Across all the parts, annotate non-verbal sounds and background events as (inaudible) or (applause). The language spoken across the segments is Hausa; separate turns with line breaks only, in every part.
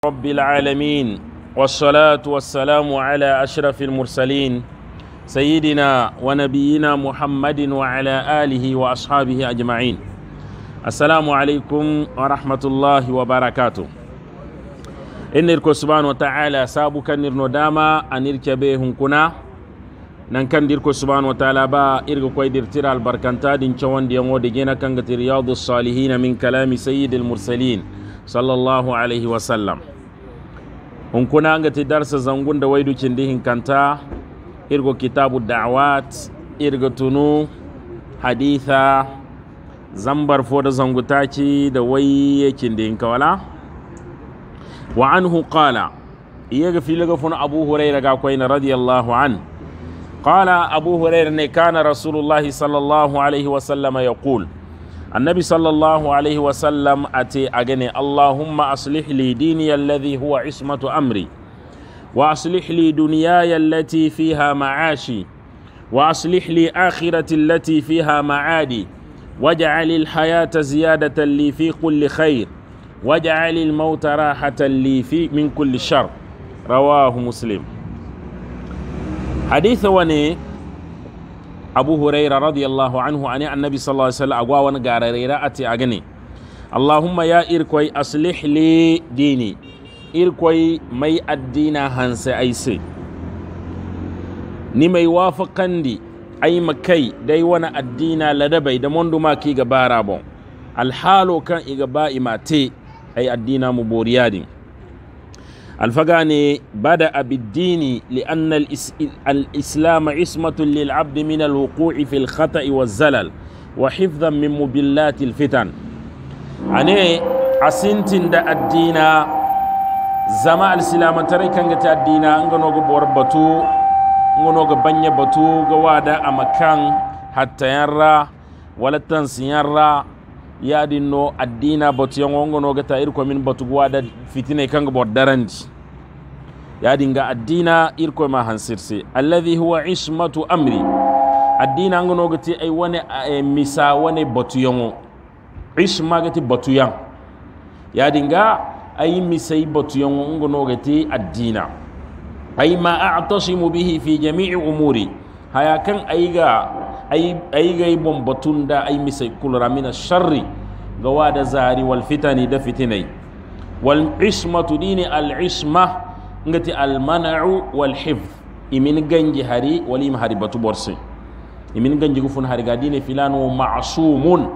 رب العالمين والصلاة والسلام على أشرف المرسلين سيدنا ونبينا محمد وعلى آله وأصحابه أجمعين السلام عليكم ورحمة الله وبركاته إن سبحانه وتعالى سابقا نرنو داما أن إركبيهم كنا ننكن ديركو سبحانه وتعالى با إرغو كوي دير تير البركانتا دين شوان دي ديجينا كانت رياض الصالحين من كلام سيد المرسلين صلى الله عليه وسلم Hunkuna kuna ti darsa zangunda waidu cindi hinkanta irgo kitabu da'wat irgo tunu haditha zambar foda zangutaci da waye cindi hinka wala wa anhu qala iyaga filaga funa abu huraira ga koyna radiyallahu an qala abu huraira ne kana rasulullahi sallallahu alaihi ya yaqul annabi sallallahu alaihi wasallam a te a gane allahumma aslih li dini alladhi huwa ismatu amri wa aslih li duniyaya allati fiha ma'ashi wa aslih li akhirati allati fiha ma'adi waj'al al-hayata ziyadatan li fi kulli khair waj'al al-mauta rahatan li fi min kulli shar rawahu muslim haditha wane? abu huraira radiyallahu anhu ani annabi sallallahu alaihi wasallam agwa wani gararera ati agane allahumma ya irkwai aslih li dini irkwai mai addina hansa aise ni mai wafakan di ai makai dai wani addina ladabai da ma ki ga bon alhalo kan igaba imate ai addina mu boriyadin alfagane bada abiddini li'anna al-islam ismatun lil abdi min al-wuqu'i fil khata'i wa zalal wa hifdhan min mubillati fitan ane sintin da addina zama al-silama kan ga addina ngano go batu ngano go banya batu ga wada amakan hatta yara wala tansiyan yadin no addina batu yan wango no ta irko min batu guwa da fitinai kan gabo darandi yadin ga addina irko ma hansirse alladhi huwa ismatu amri addina an gano gati ai wani eh, misa wani batu yanwo isma gati batu yan yadin ga ai misai batu yanwo an gano gati addina ai ma a'tasimu bihi fi jami'i umuri haya kan ai ga ay gay bon da ai misay kulura mina sharri ga wa da zari wal fitani da fitinai wal ismatu dini al isma ngati al mana'u wal hifz imin ganji hari wal im hari batu borsin imin ganji gufun hari ga dini filano ma'sumun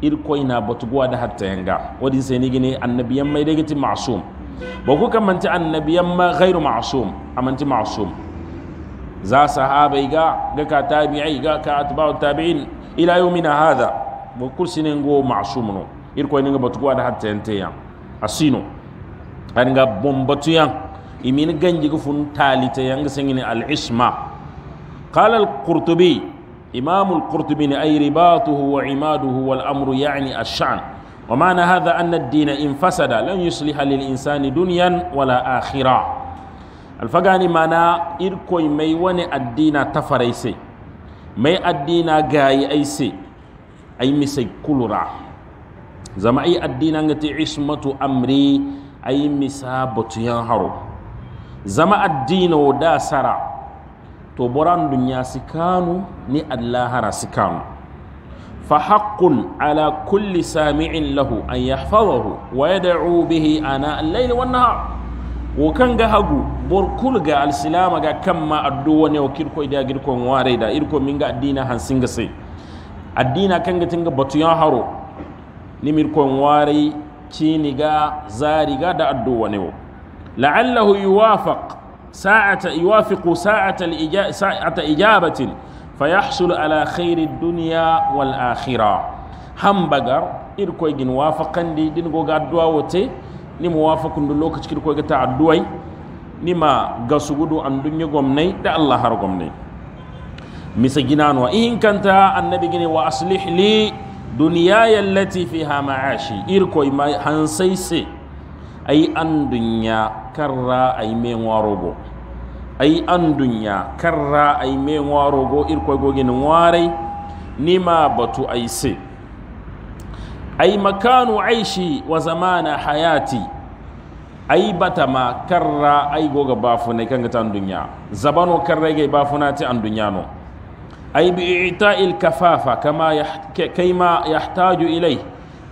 irko ina batu gwa da hatta yanga wadi sai ni gini annabiyan mai da gati ma'sum ba ku kan manti annabiyan ma ghairu ma'sum amanti ma'sum za sahabai ga ga ka tabi'ai ga ka atba'u tabi'in ila yawmina hadha bo kursinen go ma'sum no ir ko ninga batu wada hatta ente yan asino an ga bombatu yan imin ganji ga fun talita yan singini al isma qala al qurtubi imam al qurtubi ni ay ribatuhu wa imaduhu wal amru ya'ni ash-sha'n ومعنى هذا أن in fasada فسد لن يصلح للإنسان دنيا wala آخرة alfagani mana irko mai wani addina ta faraise mai addina gayi ai ai misai kulura zama ai addina ngati ismatu amri ai misa batuyan haro zama addina da sara to boran dunya sikanu ni allahara sikanu فحق على كل سامع له أن يحفظه ويدعو به آناء الليل والنهار wo ga hagu bor ga alsilama ga kamma addo wone o kirko ida girko ware da irko ga addina han singa sai addina ga tinga ya haro nimir ko ware cini ga zari ga da addo wone o la'allahu yuwafaq sa'ata yuwafiqu sa'ata al sa'ata ijabatin fayahsul ala khairi dunya wal akhirah hambagar irko gin wafaqandi din go ga addu'a wote ni muwafaqun du lokaci kirko ga ta addu'ai ni ma ga gudu an dunya gwamnai da Allah har gwamnai. misa ginanwa in kanta annabi gini wa aslih li duniyaya allati fiha ma'ashi irko ma hansai se ai an dunya karra ai me warogo ai an dunya karra ai me warogo irko gogin warai ni ma batu ai se ai makanu aishi wa zamana hayati Ai batama karra ai goga bafune kanga tan dunya zabano karra ge bafuna ti an dunyano ay bi i'ta'il kafafa kama kayma yahtaju ilayhi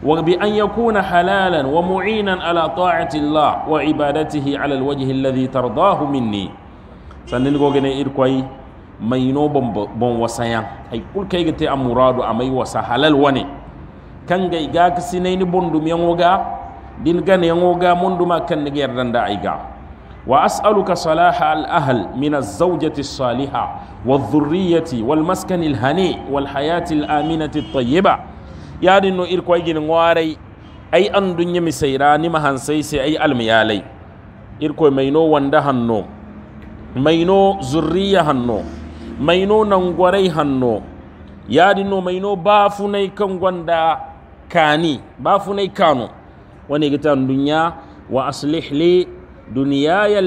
wa bi an yakuna halalan wa mu'inan ala ta'ati Allah wa ibadatihi ala alwajhi alladhi tardahu minni sannin goge ne irkwai mai no bon wasayan ay kul kay gate amuradu amai wasa halal wane kan ga kasinaini bondum yan woga bilgan yango ga mundu ma kan ni yardan da aiga wa as'aluka salaha al ahl min az-zawjati saliha wadh-dhurriyyati wal maskani al hani wal hayati al aminati at-tayyiba yadin no ir koy gin warai ai an dunya mi sayra ni mahan sai sai ai almiyalai ir koy maino wanda hanno maino zurriya hanno maino nangwarai hanno yadin no maino bafunai kan gwanda kani bafunai kano wani gitan dunya wa aslih li dunyaya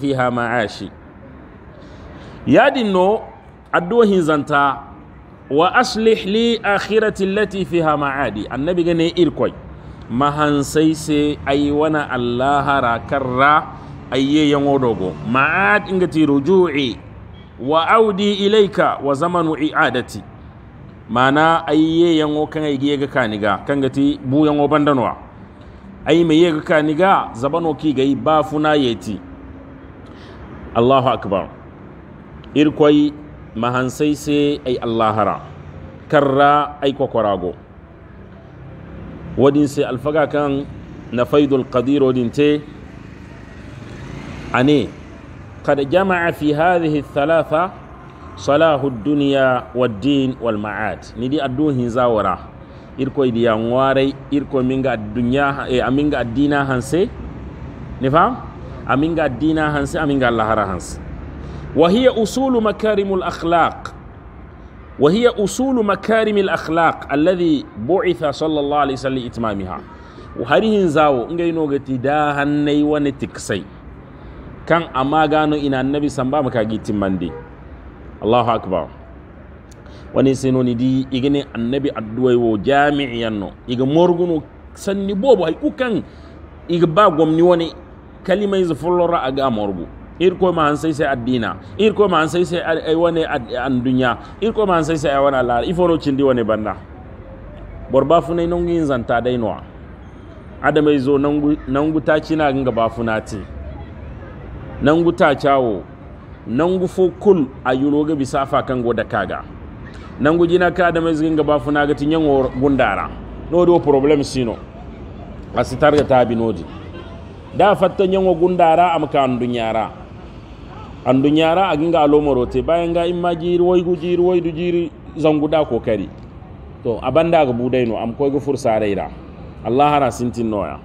fi ha ma'ashi ya dinno addu'ohin zanta wa aslihli li lati fi ha ma'adi annabi gane irkoi mahansai sai ai wana allaha rakarra ayye yango dogo ma'ad ti ruju'i wa audi ilaika wa zamanu i'adati mana ayye yango wakan ai ga kaniga kan gati bu yango ai mai yi ka ni ga zaban oki ga yi ba funa ya ti allahu akbar irkwai mahansai sai ai allahara karra ai kwakwarago wadin sai alfaga kan na faidul qadir wadin te a ne kada jama'a fi hadhihi thalatha salahu duniya wa din wal ma'ad ni di zawara irko idi ya warai irko minga dunya e eh, aminga dina hanse ne fam aminga dina hanse aminga lahara hanse wa hiya usulu makarimul akhlaq wa hiya usulu makarimil akhlaq alladhi bu'itha sallallahu alaihi wasallam itmamiha wa harihin zawo ngai no gati da hannai wani tiksai kan amma gano ina annabi samba maka gitin mandi allahu akbar wani sino ni di igini annabi adduwai wo jami'i yanno. iga morgunu sanni bobo ay kukan iga ba gomni wani kalimai fulora aga morgu irko ma an sai sai addina irko ma an sai sai ay wani an dunya irko ma an sai sai ay wani allah iforo cindi wani banda borba funai nongu yin zanta dai noa adamai zo nangu ta cina ganga ba funati nangu ta cawo nangu fo kul a yulo ga bisa fa kan da kaga nangu jina ka da mai zgin gaba funa ga tinyan gundara no do problem sino asitar ga tabi noji da fatta yan gundara am ka andun yara andun yara a ginga alomaro bayan ga imma jiri wai gu jiri wai du jiri ko kokari to abanda ga budai no am koy ga fursa raira allah ra sintin noya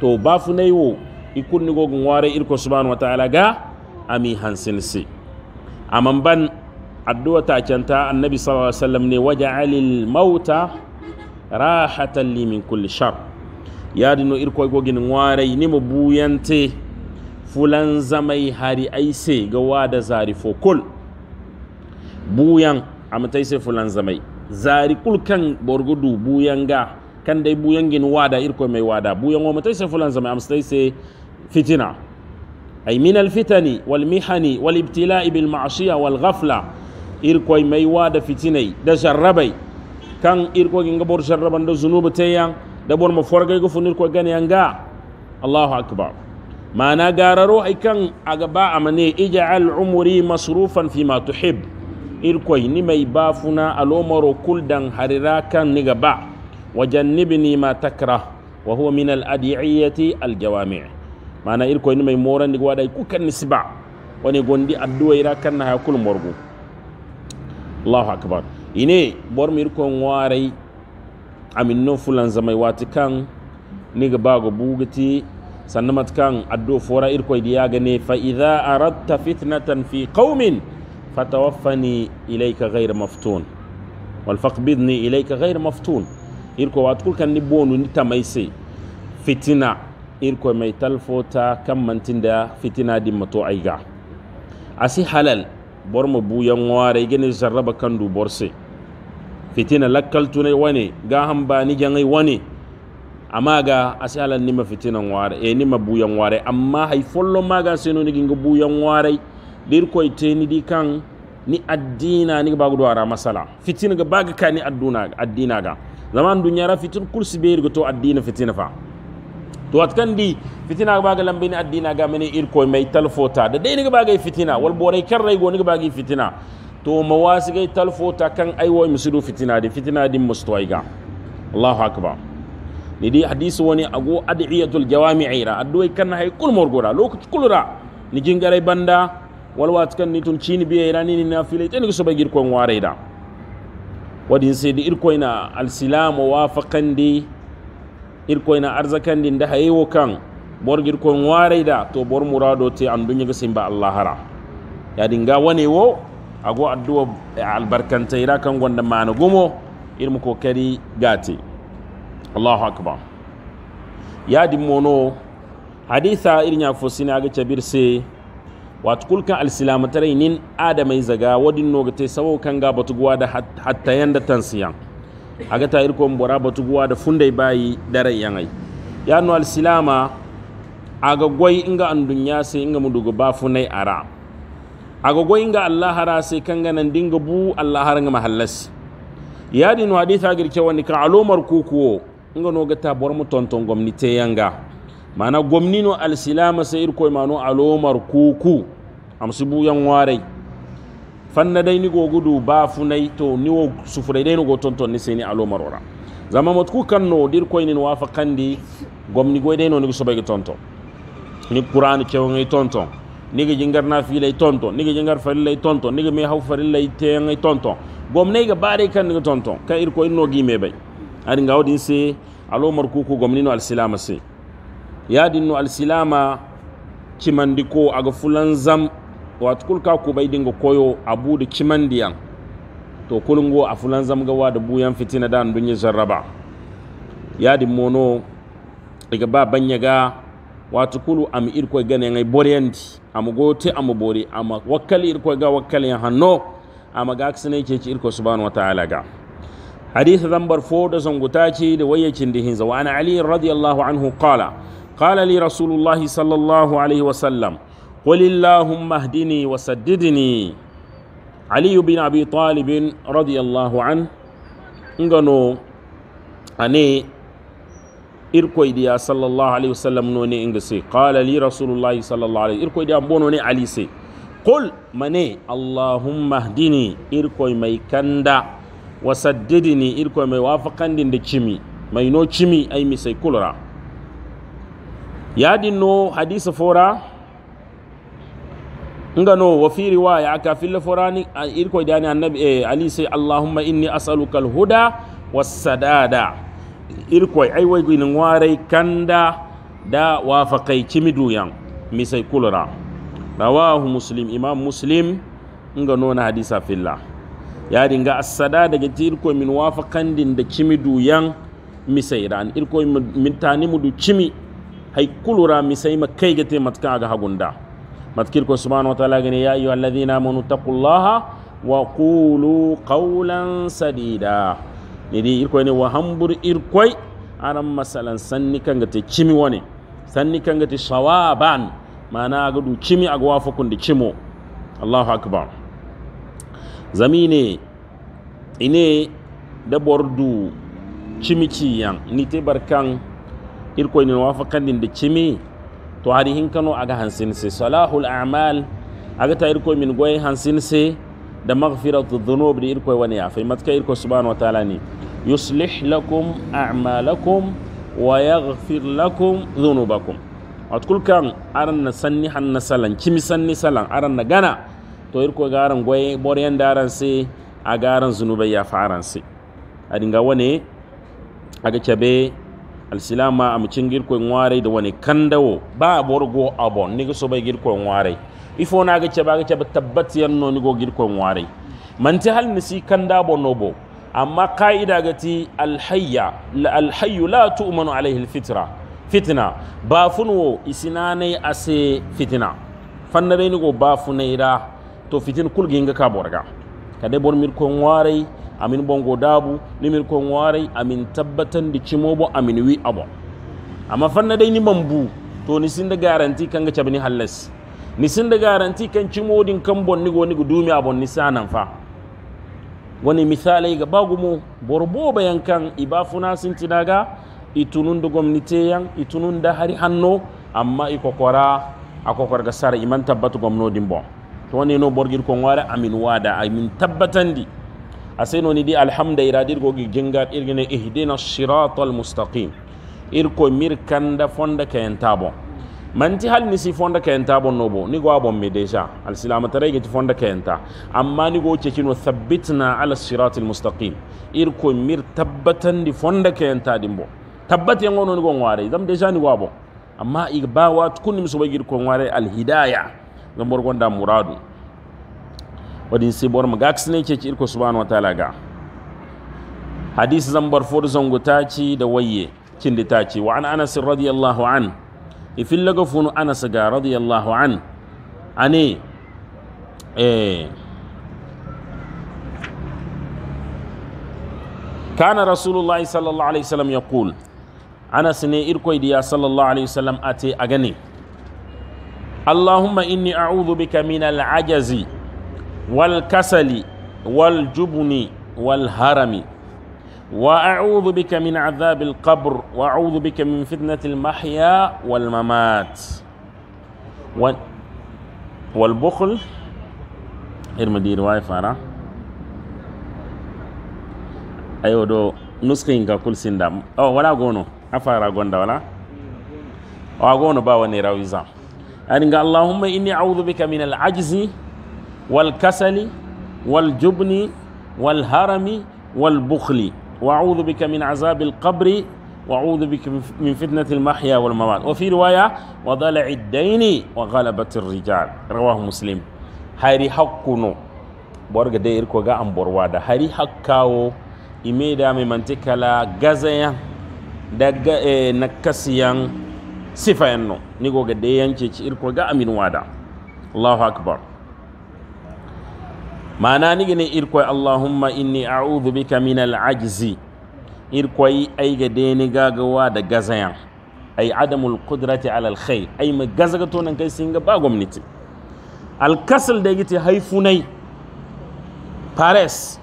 to ba funai wo ikunni gogun ware irko subhanahu ta'ala ga ami hansin si amman ban addu'a takenta annabi sallallahu alaihi wasallam ne waja'alil mauta rahatan li min kulli shar yadino irko gogin warai ni mu buyante fulan zamai hari aise ga wada zari kul buyan amatai sai fulan zamai zari kulkan borgudu buyan ga kan dai buyan gin wada irko mai wada buyan wa matai sai fulan zamai amatai sai fitina ay min al fitani wal mihani wal ibtila'i bil ma'siyah wal ghafla irkoy mai wada fitinai da sharrabai kan irko ginga bor sharraban da zunubu tayan da bor forga go funir ko gani anga Allahu akbar mana gararo ai kan aga ba amane ij'al umri masrufan fi ma tuhib irko ni mai bafuna alomaro kul dan harira kan ni gaba wajannibni ma takrah wa huwa min al adiyati al jawami' mana irko ni mai moran ni wada ku kan nisba wani gondi addu'a ira kan na hakul morgo allahu akbar ine bor mir ko warai amin no fulan zamai wati kan ni ga bago bugati kan addo fora irko diya ne fa idha aradta fitnatan fi qaumin fatawaffani ilayka ghayr maftun wal faqbidni ilayka ghayr maftun irko wat kul kan ni bonu ni tamaisi fitina irko mai talfota kan mantinda fitina dimmato aiga asi halal bor ma buyan ware gini kan kandu borse fitina lakal tunai wane ga hambani ni jangai wane amma ga asalan nima fitina ware e nima buyan ware amma hay follo maga seno ni ginga buyan ware dir koy teni di kan ni addina ni gudu ara masala fitina ga baga kani adduna addina ga zaman ra fitin kursi beer go to addina fitina fa to kan di fitina ba ga lambe ni addina ga mene irko mai talfota da dai ni ba ga fitina wal borai kan rai go ni ba ga fitina to mawasi ga talfota kan aiwo musudu fitina di fitina din ga Allahu akbar ni di hadisi wani ago adiyatul jawami'ira addu'ai kan hay kul morgora lokaci kulura ni jingare banda wal watkan ni tun chini bi rani ni na filai tan so ba girkon ware da wadin sai di irko ina al silamu wafaqan di irkoyna arzakandin da hayewo kan borgir kon warayda to bor murado te an dunya simba allah hara yadi nga wane wo ago adduwa eh, albarkantayra kan gonda mana gumo irmu ko kari gati allahu akbar yadi mono haditha irnya fosini aga cabir se watu kulkan alsilamatarai nin adamai zaga wadin nogate sawo kan ga batuguwa da hatta yanda tansiyan aga ta irkom bora batuguwa da fundai bayi dare yangai ya no alsilama aga goy inga andun ya sai inga mudugo ba funai ara aga goy inga allah hara sai kanga nan dinga bu allah har nga mahallas ya dinu haditha girke wani ka alomar kukuwo inga no gata bor mu tonton gwamnite yanga mana gwamnino alsilama sai irko mano alomar kuku amsu bu yan warai fanna dai ni go gudu ba funai to ni wo sufurai dai ni go tonton ni seni alo marora zama matku kanno dir koy ni wafa kandi ni goy dai no ni so bege tonton ni qur'an ke wo ngi tonton ni gi jingar na fi lay tonton ni gi jingar fari lay tonton ni gi me haw fari lay te ngi tonton gom ne ga bare kan ni tonton ka ir koy no gi me bay ari ngaw ngawdin se alo marku ku ni no al silama se ya yadin no al silama cimandi ko aga fulan zam watu kulka ku bai dinga koyo abu da kiman diyan to kulungo a fulan zamgawa da buyan fitina da dunya yi zarraba ya di mono diga ba banya ga watu kulu am irko gane ngai boryanti am gote am bore am wakkali irko ga ya hanno am ga aksine ke ci irko subhanahu wa ta'ala ga حديث ذنبر فود زنغتاكي لويكين دهنز وعن علي رضي الله عنه قال قال لي رسول الله صلى الله عليه وسلم قل اللهم اهدني وسددني علي بن ابي طالب رضي الله عنه انغنو اني اركوي ديا صلى الله عليه وسلم نوني انغسي قال لي رسول الله صلى الله عليه وسلم اركوي ديا بونوني علي سي قل مني اللهم اهدني اركوي مي كندا وسددني اركوي مي وافقن دين دشيمي مي نو تشيمي اي مي سي كولرا يا دينو حديث فورا ngano wa fi riwaya aka fil furani irko dani annabi eh, ali sai allahumma inni as'aluka al-huda was-sadada irko ai wai ginin warai kanda da wafaqai kimidu yan misai kulura rawahu muslim imam muslim ngano na hadisa filla ya dinga as-sada daga irko min wafaqan din da kimidu yan misai ran irko min tani mudu kimi hay kulura misai makai gate matka ga hagunda matkir ko subhanahu wa ta'ala gani ya ayyuha alladhina amanu taqullaha wa kulu kawulan sadida ne di irkoy ne wa hambur irkoy aran masalan sanni kanga te cimi wani. sanni kanga te sawaban mana aga du cimi aga wafa kunde cimo allahu Zami ne, ine da bordu cimi ciyan ni te barkan irkoy ne wafa kandin da cimi to ari kano aga se salahul a'mal aga ta irko min goy se da maghfiratu dhunub da irko wani afai matka irko subhanahu wa ta'ala ni yuslih lakum a'malakum wa yaghfir lakum dhunubakum watkul kan aran na sanni han na salan kimi sanni salan aran na gana to irko ga aran goy bor yan daran se aga aran zunubai ya faran se adinga wane aga kebe alsilama am cingir girkon ngware da wani kandawo ba borgo abon ni so bay gir ko ifo na ga ceba ga ceba tabbat yanno ni go gir ko hal nisi kanda bonobo amma qaida ga ti alhayya alhayyu la tu'manu alayhi alfitra fitna ba funwo isinanai ase fitna fannare ni go ba funaira to fitin kulginga ka borga kade bor mir ko amin bongo dabu nimin kon warai amin tabbatan di cimobo amin wi abo amma fanna dai ni mambu to ni sin da garanti kan ga cabni halles ni sin da garanti kan cimodin kan bonni go ni go dumi abon ni sanan fa wani misalai ga bagumo borbo bayan kan ibafuna sin tinaga itunun da gwamnati yan itunun da hari hanno amma ikokora akokor ga sara iman tabbatu gwamnodin bon to ne no borgir kon wara amin wada amin tabbatan di asenoni di alhamda iradir gogi jingat irgine ihdina shiratul mustaqim irko mir kanda fonda kayan tabon manti hal nisi fonda kayan tabon nobo ni go abon me deja al silama tare giti fonda kayan ta amma ni go cekino thabbitna ala shiratul mustaqim irko mir tabbatan di fonda kayan ta dimbo tabbat yango no ni go ngware dam deja ni go abon amma igba wat kunni musuba gir ko ngware al hidayah ngam borgonda muradu wadin borma ga kisne ke ki irko subhanahu wataala ga hadisi zambar fodu zangu taci da waye kindi taci wa an anas radiyallahu an ifin laga funu anas ga radiyallahu an ane eh kana rasulullahi sallallahu alaihi wasallam yaqul anas ne irkoy diya sallallahu alaihi wasallam ate agane allahumma inni a'udhu bika min al-ajazi wal kasali wal jubni wal harami وأعوذ بك من عذاب القبر وأعوذ بك من فتنة المحيا والممات والبخل ارمدي رواية فارا أيوة دو نسخين كل سندا أو ولا غونو أفارا غوندا ولا أو غونو با وني راويزا أرنغ اللهم إني أعوذ بك من العجز wal kasali wal jubni wal harami wal bukhli wa'udhu bika min azabil qabri wa'udhu bika min fitnatil mahya wal mamat wa fi riwaya wa dala'i daini wa ghalabati rijal rawa muslim hari hakkuno borga de irko ga an hari hakkawo ime da mai mantikala gazayan daga e, nakasiyan sifayan no ni goga de yanke ci irko ga allahu akbar mana nigini irkoy allahumma inni a'udhu bika min al'ajzi ajzi irkoy ay ga deni gaga wa da gazayan ay adamul qudrati ala al-khair ay ma gazaga to nan kai singa ba gwamnati al-kasl da gite haifunai pares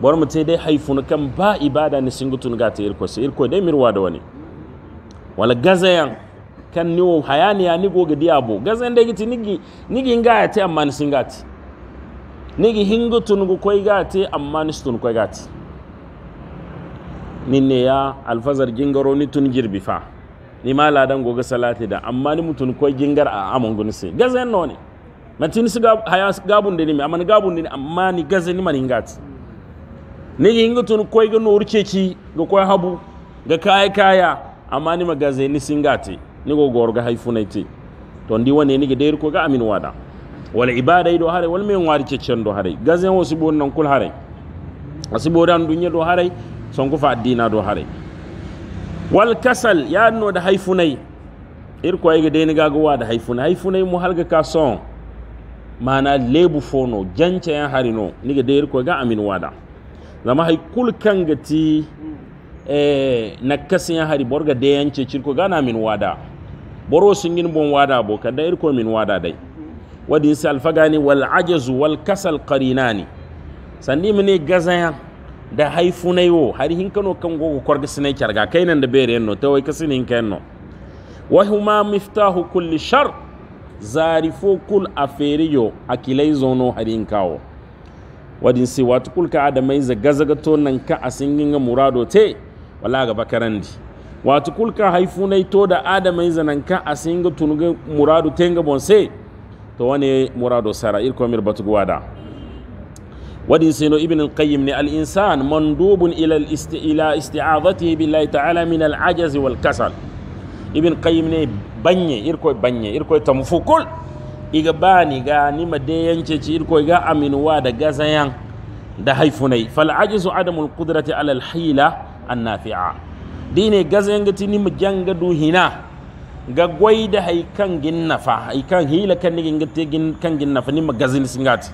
bor mu dai haifunu kan ba ibada ni singutun ga ta irko sai irko dai mirwa da wani wala gazayan kan niwo hayaniya ni ga diabo gazan da gite nigi nigi ngaya ta amma ni singati nigi hinga tunugu koy gati amma nis tunugu koy gati ninne ya alfazar jingaro ni tun girbi fa ni ma ladan goga salati da amma ni mutun koy jingar a amon nisi. se gazen no ne matin su haya gabun de ni amma ni gabun de ni amma ni gaza ni man ingati nigi hinga tunugu koy ga nurce ci ga koy habu ga kaya kaya amma ni magazen ni singati ni go gorga haifunaiti to ndi wane ni ga dai ko ga amin wada wala ibada do hare wala men wari cecen do hare gazen wo sibo non kul hare asibo dan dunya do hare son ko fa addina do hare wal kasal ya no da haifunai ir ko ga deni ga wa da haifunai haifunai mu halga ka son mana lebu fono jance yan harino ni ga ir ko ga amin wada zama hay kul kangati gati e, na nakasin yan hari borga de ko ga na min wada boro singin bon wada bo kada ir ko min wada dai wadda yi salfa gani wal ajazu wal kasal karina ne mu ne gazaya da haifu na yiwo har hinkano kan gogo kwarga sinai kyarga kai nan da bayar yanno ta wai kasi ne hinka yanno wahuma miftahu kulli shar zarifo kul a feriyo a kilai zono har hinkawo wadin si wata kulka adamai za to nan ka a singin ga murado te wala ga bakarandi wata kulka haifu na to da adamai ka a singin tunuga yi tenga bonse to wani murado sara irko mir batu gwada wadin sino ibn qayyim ne al insan mandubun ila al-isti'ila isti'adati billahi ta'ala min al ajaz wal kasal ibn qayyim ne banye irko banye irko tamfukul iga bani ga nima made yance ci irko ga aminuwa da gazayan da haifunai fal ajizu adamul qudrati ala al hila an nafi'a dine gazayan gati nima janga du hina ga gwai da haikan ginnafa haikan hila kan nigin gate kan ginnafa ni magazin singati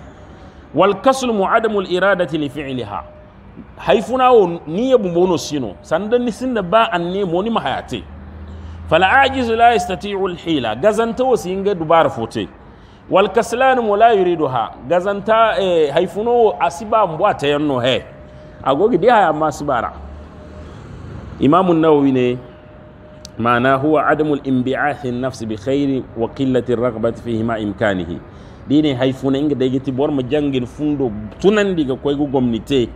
wal kasl mu adamul iradati li fi'liha haifuna funa wo ni yabu bono sino sandan ni sinda ba anne ni mahayate fala ajiz la yastati'u al hila gazanta wo singa dubara fote wal kaslan mu la yuriduha gazanta eh, wa asiba mbwata yanno he agogi dia ya masbara imamun nawawi ne ma'ana huwa adamul imbi'athi nafsi bi khairi wa qillati raghbati fihi ma imkanihi dine haifuna funa inga da yiti bor ma jangin fundo tunan diga koy go gomnite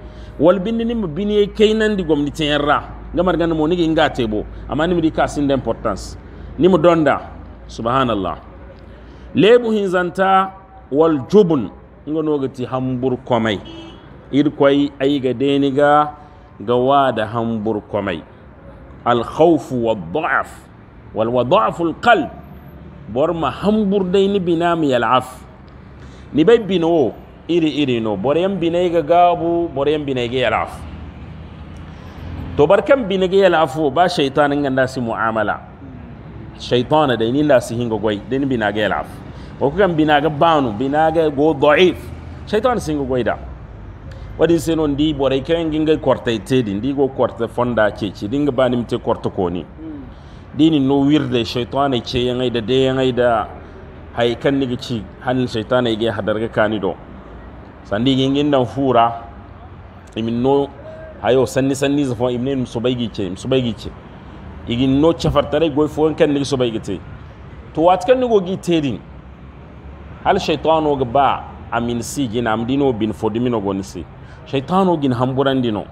wal bindi nimba bini kaynan di gomnite yarra mo ni inga tebo amma nimi di kasin d'importance nimo donda subhanallah lebu hinzanta wal jubun ngono gati hambur komai ir koy ay ga deniga ga wada hambur komai alkhawfu waddaaf wal wadaafu alqalb borma hamburdayni binami yalaf ni bay bino iri iri no boryan binayga gaabu boryan binayga yalaf to barkan binayga yalaf wo ba shaytanin ga ndasi muamala shaytana dayni ndasi hinga goy dayni binaga yalaf wo kan binaga banu binaga go daif wadin seno ndi boray kayan ginga kwarta din di go kwarta fonda ceci dinga banim te kwarta ne hmm. dini no wirde shaytana ce ai da de ai da hay kan ni ci hanin shaytana hadar ga kani do sandi gingin dan fura imin no hayo sanni sanni zafon imne musubaigi ce musubaigi ce igin no chafartare goy fo kan niga subaigi te to ni go gi din hal shaytano ga ba amin si gina amdino bin fodimino gonisi shaitano gin hamburandi no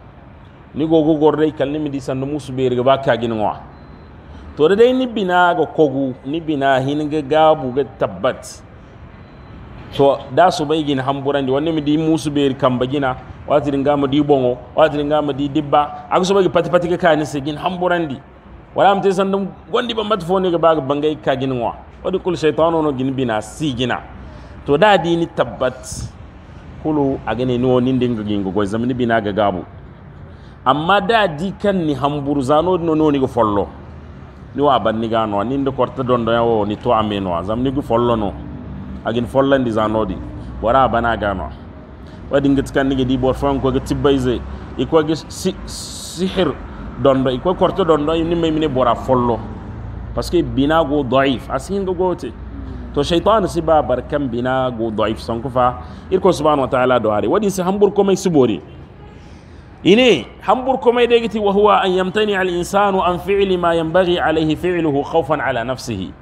ni gogo gorre kalni mi disan no musu beriga bakka gin wa to da dai ni bina ga kogu ni bina ga gabu ga tabbat to da su bai gin hamburandi wanne mi di musu beri kamba gina wati ringa ma di bongo wati ringa ma di dibba aku su bai pati pati ga kani se gin hamburandi wala am te dum gondi ba mat ni ga ba ga ka gin wa wadi kul shaitano no gin bina si gina to da di ni tabbat kulu nuwa ni da yin gingo zama ni bina ga gabu amma da di kan ni hambur zano no no ni go follo ni wa ni ga no ni ndo korta dondo yawo ni to ame zama ni go follo no agin follandi zano di wara bana ga no wadi ngat kan ni di bor fanko ga tibbaize iko ga si, sihir dondo iko korta dondo ni mai mini bora follo parce que bina go daif asin go gote to shaitan si ba barkan bina go daif kufa irko subhanahu wa ta'ala do are wadi si hambur komai subori ine hambur komai da giti wa huwa an yamtani al insanu an fi'li ma yanbaghi alayhi fi'luhu khawfan ala nafsihi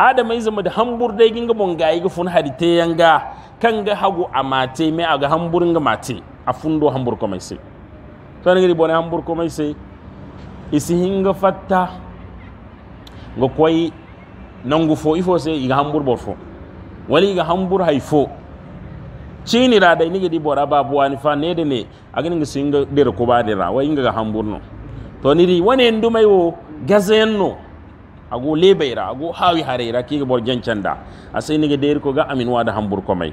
adam ay zama da hambur da ginga bon gayi ga fun hadite yanga kan ga hagu amate me aga hambur ga mate a fundo hambur komai sai to ne gidi bone hambur komai sai isi hinga fatta go nangu fo ifo se iga hambur bor fo wali iga hambur hay fo chini ra dai nige di bora ba bu ani fa ne de ne agin ngi singa der ko ba de ra wa inga ga hambur no to ni di wane ndu mai wo gazen no ago beira ago hawi ra ki ga bor gencanda asai nige der ko ga amin wa da hambur ko mai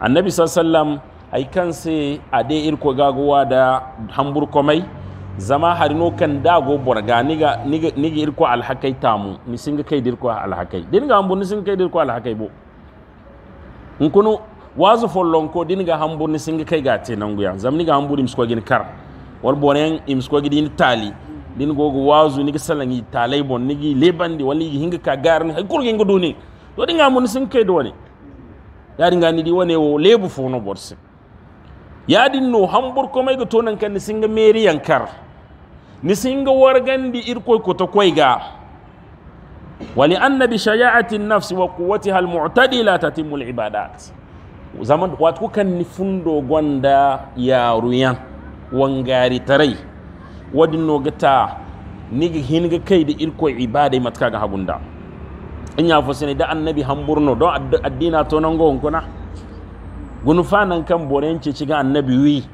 annabi sallallahu alaihi wasallam ay kan se ade ir ko ga da hambur ko mai zama harino kan dago borga niga niga niga irko alhakai tamu ni singa kai dirko alhakai din ga hambu ni singa kai dirko alhakai bo nkunu wazu follon ko din ga hambu ni singa kai gate nan guya zam ga hambu dim skogin kar wal bonen im skogi din tali din gogo wazu niga salangi talai bon gi lebandi wali hinga ka ni hay gi gudu ni to ga hambu ni singa kai do ni ya ga ni di wane wo lebu fono borsi ya no hambur komai ga tonan kan ni singa meri yankar Ni nisinga wargandi irkoy koto koyga wali anna bi shayaati nafsi wa quwwatiha tatimmu al-ibadat zaman watku kan ni fundo gonda ruyan wangari tarai wadin gata niga hinga kai da irko ibada matka ga hagunda in ya fusini da annabi hamburno don addina to nan go gunufanan kan borenci ga annabi wi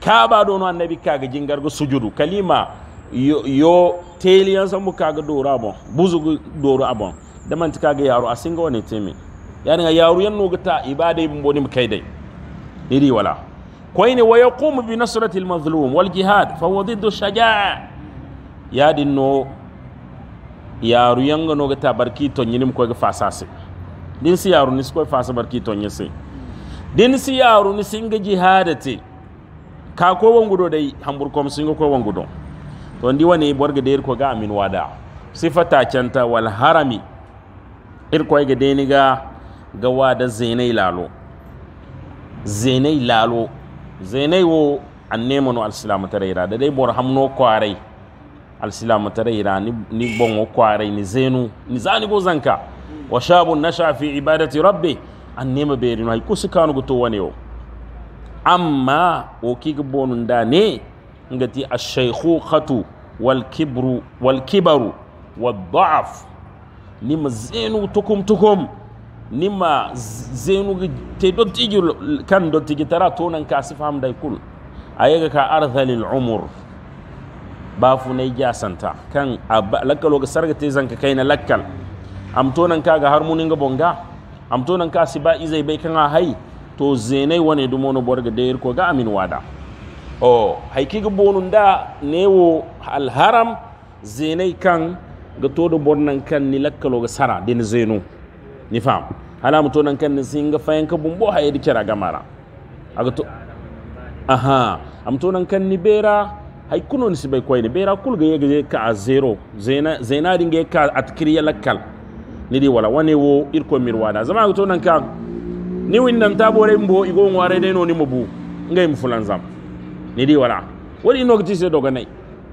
kaba dono annabi kaga jingargo sujudu kalima yo, yo teliyan sambu kaga doro abon buzugu doro abon da man kaga yaro asinga wani teme yani ga yaro yan noga ta ibada ibn boni kai dai iri wala koyne wa yaqumu bi nasrati al mazlum wal jihad fa huwa diddu shaja'a ya dinno yaro yanga noga ta barki to nyinim ko ga fasase din si yaro ni ko fasa barki to nyese din si yaro ni singa jihadate ka ko wangudo dai hambur kom yi ko wangudo to ndi wani borga der ko ga amin wada sifata canta wal harami ir ko ga deni ga ga wada zenai lalo zenai lalo zenai wo annemano alsilamu tarayra da dai bor hamno kwarai alsilamu tarayra ni ni bongo kwarai ni zenu ni zani go zanka wa shabun nasha fi ibadati rabbi annema berino hay kusikanu go to wani yo amma o kiga bonun da ne ngati ash-shaykhukatu wal kibru wal kibaru wad da'af nima zenu tukum tukum nima zenu te do tigi kan do tigi tara tonan ka sifam dai kul ayega ka arzalil umur jasanta kan lakkal ga sarga te zanka kaina lakkal am tonan ka ga har munin bonga am tonan ka siba izai bai kan hai to zenai wane dumono borga da ko ga amin wada o haiki ga bonun da newo alharam zenai kan ga to da bornan kan ni lakkalo ga sara din zenu ni fam hala mu to nan kan ni fayan ka bumbo haye da dikira gamara aga to aha am to nan kan ni bera hay kuno ni sibay koyne bera kul ga yega ka a zero zena zena dinge ka atkiriya lakkal ni di wala wane wo irko mirwada zama to nan kan ni windan ta bore mbo igo ngware de no ni mbu mu mfulan zam ni di wala wani ino gici se doga nai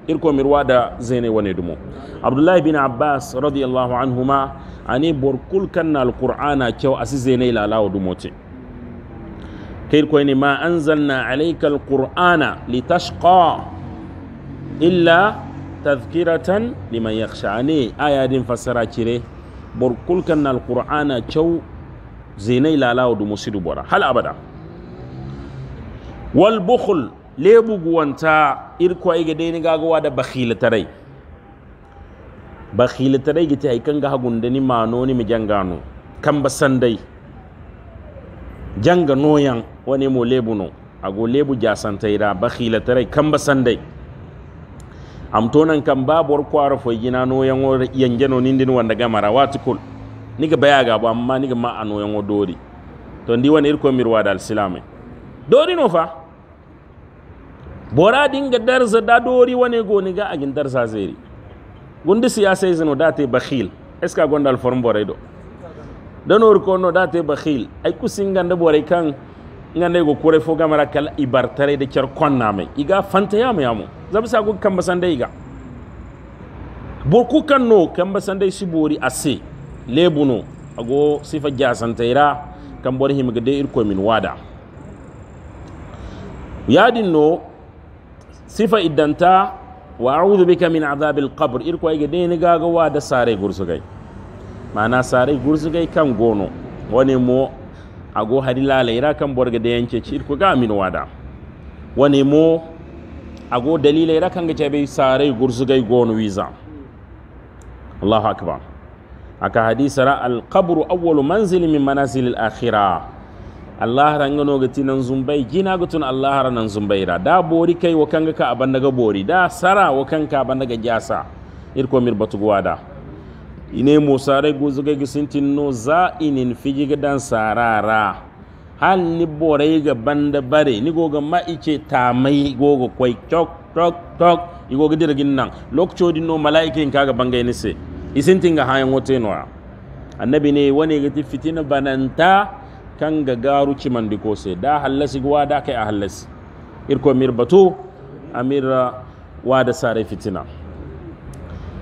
irko mir da zene woni dumo abdullah bin abbas radiyallahu anhuma ani borkul al qur'ana kyau asi zene lalawo dumo ce kair ko ni ma anzalna alayka qur'ana litashqa illa tadhkiratan liman yakhsha ani aya din fassara cire borkul al qur'ana kyau zinai lalawa du musidu bora hal abada wal bukhul le buguwanta irko ai ga daini gagawa da bakhila tarai bakhila tarai gita ai kan ga hagun mano ni mi jangano kan ba sandai janga noyan wani mo lebu a go lebu jasantai da bakhila tarai kan ba sandai amtonan kan babuwar kwara foi gina noyan yanjano nindin wanda gamara watukul niga bayaga bo amma niga ma anoyongo doori to ndi wani irko dal alsilame dori no fa bora dinga darza da dori wani go niga agin darza zeri gunde siyasa izino date bakhil est ce que gondal form bore do dan urko no date bakhil ay nda bore kan ngande go kure fo gamara kala ibartare de cer me iga yamu yamo zabisa go kamba sande iga kan no kamba sande sibori ase lebuno ago sifa jasantaira kan bori himga de irko min wada yadin no sifa iddanta wa a'udhu bika min adhab al-qabr irko ay de ni gaga wada sare gursugai mana sare gursugai kan gono wani mo ago hari lalaira kan borga da yanke ci irko ga min wada wani mo ago dalilai rakan ga cebe sare gursugai gono wiza Allahu akbar aka hadisara alkabru awwalu manzili min manazili al-akhira allah ran gano ga tinan zumbai gina ga tun allah ran zumbai ra da bori kai wa kanga ka abanda ga bori da sara wa kanka abanda ga jasa irko mir batu da ine musare ga gisintin no fiji ga dan sarara hal ni borai ga banda bare ni goga ma ice mai goga kwai tok tok tok igoga dirgin nan lokacin no mala'ikin kaga bangai ni se ga hayan wata noya annabi ne wani gati fitina bananta kan ga garu da kose da hallasi wa da kai a hallasi irko mir bato amir uh, wa da sare fitina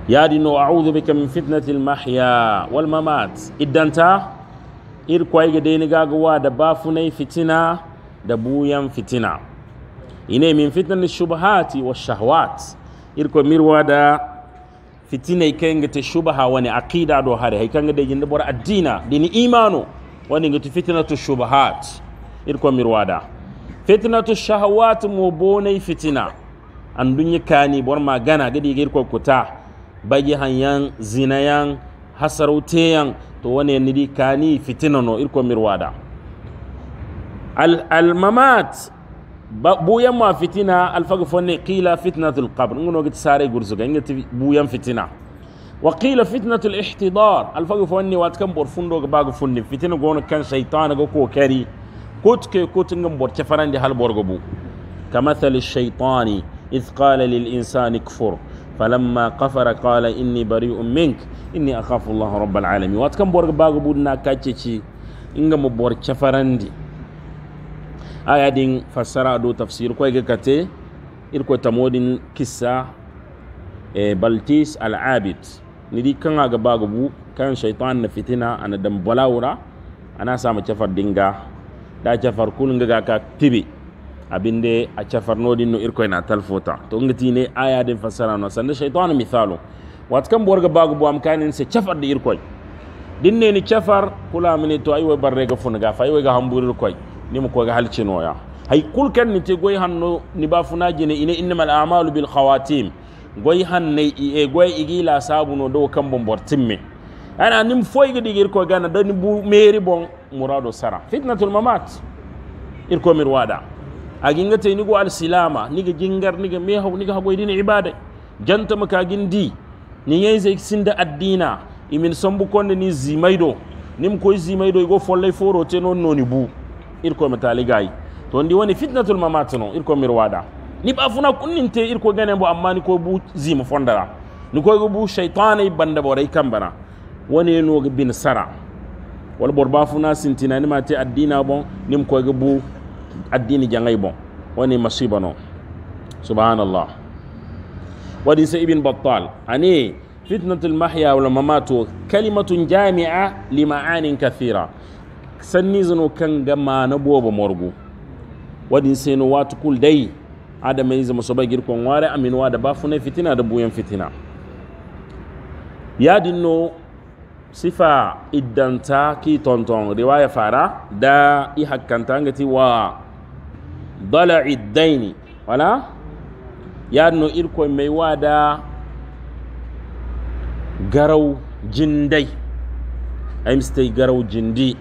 ya dino a'udhu bika min fitnatil mahya wal mamat iddanta irko ga dai ni gaga da bafunai fitina da buyan fitina ine min fitnatil shubahati wa shahwat irko mirwa da fitinai kan ta shubha wani aqida do hare hay kan da yinda bor addina dini imano wani ngati fitnatu shubahat irko mirwada fitnatu shahawat mu bonai fitina an dunya kani bor magana gadi girko kuta bagi hanyan zinayan hasarauteyan to wani nidi kani fitina no irko mirwada al mamat buyan ma fitina alfaga fonne qila fitnatul qabr ngono git sare gurzuga ngati buyan fitina wa qila fitnatul ihtidar alfaga fonne wat kan bor fundo ga bagu funni fitina gono kan shaytan ga kokari kutke kutin ngam bor ce farande hal bor go bu kamathal ash-shaytani إذ قال للإنسان كفر فلما كفر قال إني بريء منك إني أخاف الله رب العالمين واتكم بورغ باغ بودنا كاتشي إنغم aya din fassara do tafsir ko ga kate ir ko tamodin kissa e baltis al abid ni di kan ga bagu bu kan shaytan na fitina ana dan balawura ana samu cafar dinga da cafar kun ga ka tibi abinde a cafar nodin no ir ko na talfota to ngati ne aya din fassara no sanda shaytan misalu wat kan borga bagu bu am kanin se cafar da ir ko ne ni cafar kula mini to ayi wa barre ga funu ga fa ayi ga hamburi ko ni mu koga halce noya hay kul kan ni te goy hanno ni ba funa jine ine innamal a'malu bil khawatim goy hanne e goy igi sabu no do kan bon bortimme ana nim foy gidi gir ko gana ni bu meri bon murado sara fitnatul mamat ir ko mir wada aginga te ni go al silama ni ga jingar ni ga haw ni ga hagoy dina ibada janta maka gindi ni yayi ze sinda addina imin sambu konde ni zimaido nim koy zimaido go follay foro te non noni bu irko mi taligai to ndi woni fitnatul mamatuno irko mi rwada ni ba funa kunninte irko gane bo amma ni ko bu zima fondara ni ko bu shaytanai banda borai kambara woni no bin sara wal borba funa sintina ni mate adina bon nim ko bu adini jangay bon woni masibano subhanallah wadi sa ibn battal ani fitnatul mahya wal mamatu kalimatun jami'a limaanin kathira zano kan gama na boobo morgu wadin no watu kul day adamayizama soba girko ŋwaare amin wada bafunay fitina da buyan fitina ya dinno sifa iddanta ki tonton riwaya fara da i hakkanta ngati wa dala iddaini wala ya dinno irko mai wada garau jindai ai garau jindi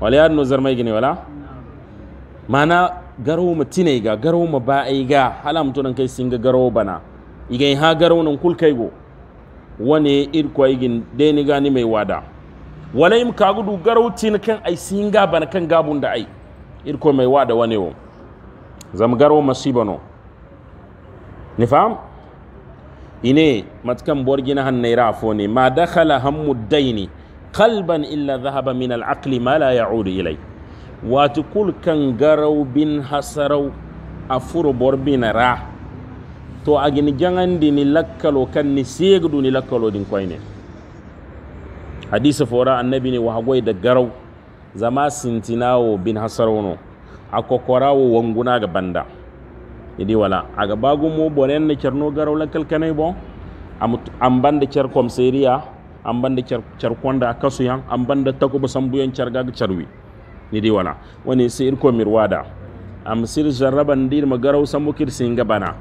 wala ya no zarmai gini wala mana garo ma tine ga garo ma ba ai ga hala nan kai singa garo bana igai ha garo nan kul kai go wane irkwa igin de ni gani mai wada wala im ka gudu garo tin kan ai singa bana kan gabun da ai irkwa mai wada wani wo zam garo masibano ni fam ine matkan borgina han naira fo ne ma dakhala hammu daini kalban illa zahaba min al'aqli ma la ya'udu ilai wata kul kan garau bin hasarau a furo borbina ra to agini di ni lakkalo kan ni segdu ni lakkalo din koyne hadisa fora annabi ne wahagwai da garau zama sintinawo bin hasarau no a kokorawo wanguna ga banda idi wala aga mu bonen na cerno garau lakkal bon am banda cer seriya an banda charkonda yan an banda takuba sambuyan ga charwi ni dai wala wani sir ko mirwada am sir jarraban dir magaraw samukir singa bana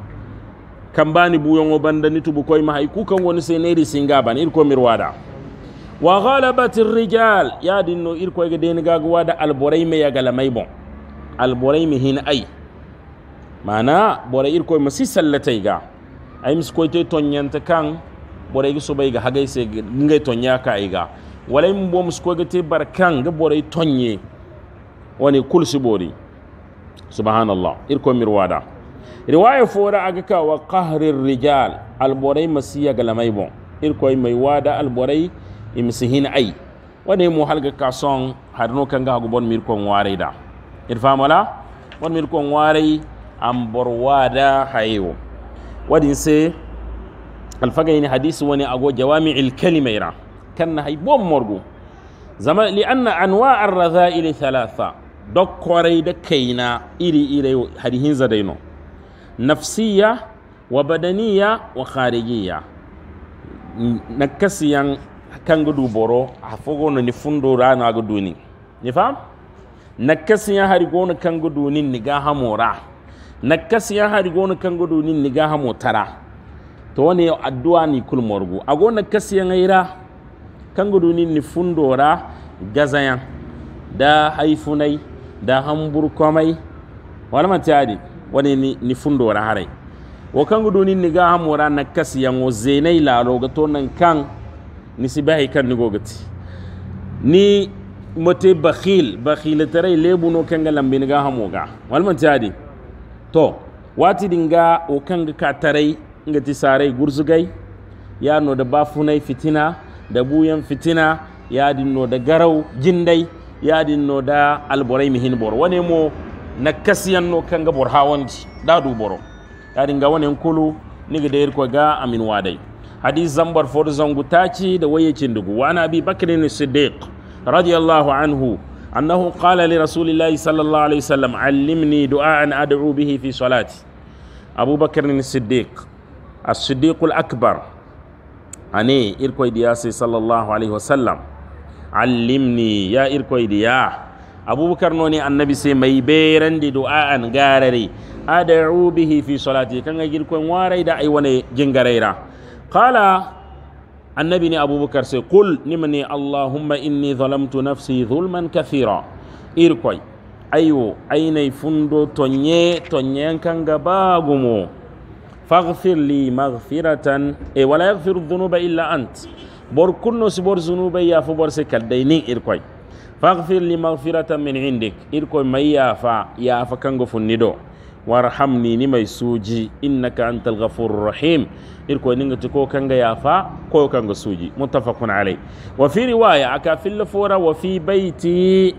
kan bani buyon o banda ni tubu koy mahay ku kan woni sai neri singa bana irko ko mirwada wa ghalabat rijal ya dinno ir ko ga den gaga wada alborai me ya galamai bon alborai mi hin ai mana bora irko ko masi sallatai ga ai miskoy to tonyanta kan boray gi sobay ga hagay se ngay tonya ka iga walay mbo musko ga te barkan ga boray tonye wani kul sibori subhanallah irko mirwada riwaya fora aga ka wa qahrir rijal al boray masiya ga lamay bon irko mai wada al boray imsihin ai wani mu halga ka son harno kan ga gubon mirko warai da irfamala wani mirkon warai an borwada hayo wadin se الفقين حديث وني أقول جوامع الكلمة يرى كان هاي بوم مرغو زمان لأن أنواع الرذائل ثلاثة دكوري كينا إلي إلي هذه زدينو نفسية وبدنية وخارجية نكسي يان كان boro برو fogono نفندو رانا rano نفهم؟ نكسي يان fam nakkasiya hari gono kangu duni ni ga hamora nakkasiya hari gono kangu duni to wani yau addu'a ni kul morgu gona kasi ngaira kan gudu ni ni fundora gazaya da haifunai da hambur komai wala matadi wani ni, ni fundora harai wa gudu ni ni ga hamura na kasi ya o zenai laro ga nan kan ni sibahi kan ni gogati ni mate bakhil bakhil tarai lebu no kanga lambi ni ga hamoga wala matadi to wati dinga o kan ka katarai ti sarai gurzugai ya no da bafunai fitina da buyan fitina ya dinno da garau jindai ya dinno da alborai mihin bor wane mo na kasiyan no kan ga bor hawanci du boro ya dinga wane kulu niga da ko ga amin wadai hadis zambar for zangu taci da waye dugu wa na bi ni siddiq radiyallahu anhu annahu qala li rasulillahi sallallahu alaihi wasallam allimni du'an دعاء أدعو به في صلاتي ni siddiq as-siddiqul akbar ane irkoyɗi ya sey sallllahu alayhi wa sallam allimni ya irkoyɗi ya aboubacar noon annabi sey mayi ɓeyrandi do a an garari adau bihi fi solati kanga girkoye warayda ay wone jingarayra qala annabi ni aboubacar sey qul nimani allahumma inni zalamtu nafsi zulman kathira irkoye ayo aynay fundo toñe toñen kanga baagumo faghfir li maghfiratan e wala yaghfiru dhunuba illa ant bor kunno si bor zunuba ya fo bor se kadday ni irkoy faghfir li maghfiratan min indik irkoy may ya fa kango funnido do warhamni ni mai suji innaka antal ghafurur rahim irko ninga ti ko kanga ya fa ko kanga suji muttafaqun alai wa fi riwaya aka fil fura wa fi baiti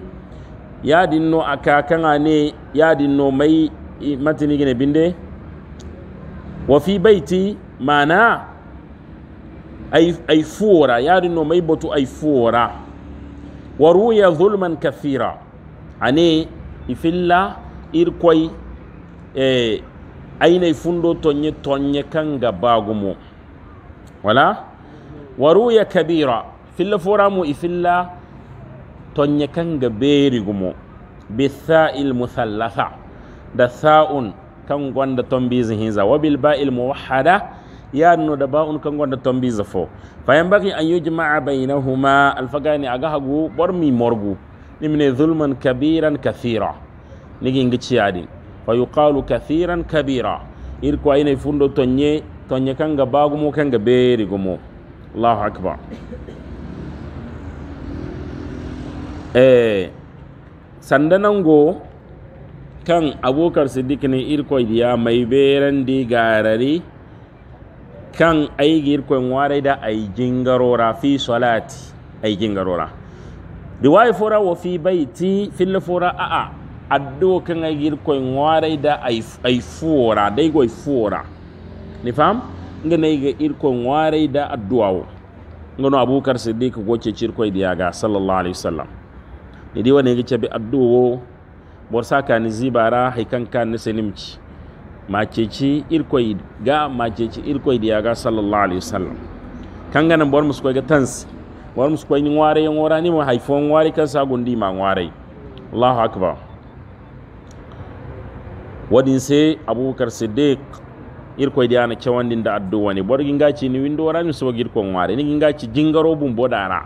ya dinno aka kanga ne ya dinno mai matini gine binde wafi baiti mana ay fuwora yaadi no may botu wa ruya zulman kathira ane ifilla irkoy e aynay fundo toñe kan kanga baagumo wala wa ruya kabira filla foramo ifilla toñe kanga beerigumo bithail muthallatha da sa'un. kan gwanda tombizi hinza wabil ba'il muwahhada ya no da ba'un kan gwanda tombizi fo fa yan baki an yujma'a bainahuma a aga hagu bor mi morgu nimne zulman kabiran kathira nigi ngi ciyadi fa yuqalu kathiran kabira ir ko ayne fundo tonye tonye kanga kan ga beri gumo allahu akbar eh sandanango kan abokar siddiq ne irkoy diya mai beren di garari kan aigi irkoy ware da aigin jingarora fi salati jingarora di riwaya fora wa fi baiti fil fora a a addo kan aigi irkoy ware da ai fora dai goy fora ni fam nga nay ga irkoy warai da adduawo ngono abokar siddiq goce cirkoy diya ga sallallahu alaihi wasallam ni di wani ga cebi adduwo borsa ni zibara haikan ni sinimci maceci irkoy ga maceci irkoy diya ga sallallahu alaihi wasallam kangana bor musko ga tans bor musko ni ware yan wara ni mu haifo ware kan sa gundi ma ware Allahu akbar wadin sai Abubakar Siddiq da diya na cewandin da addu'a ne bor gingaci ni windo wara ni so girkon ware ni gingaci jingaro bun bodara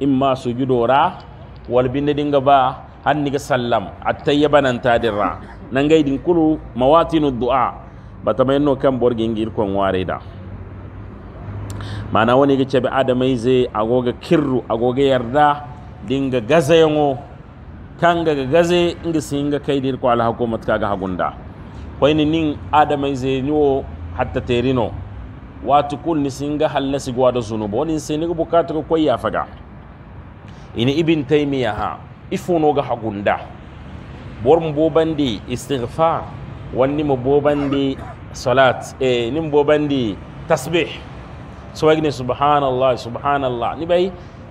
imma sujudora wal binne dinga ba hanniga sallam a attayyabanantadirra nangaydin kulu mawatinu du'a ba ta batamayno kan girkon ware da. mana wani gice bi adamai zai agoga kirru agoga yarda dinga gazayango kanga ga gaze inga kai da ko alhaku matuka ga hagunda koyni nin adamai zai niwo hatta terino watu kun ni singa zunubu. Wani zunubo nin sinigo bukatu ko koy faga ini ibin taymiya ha ifono ga hagunda bor mu bobandi istighfar wanni mu bobandi salat eh nim bobandi tasbih so wagne subhanallah subhanallah ni bai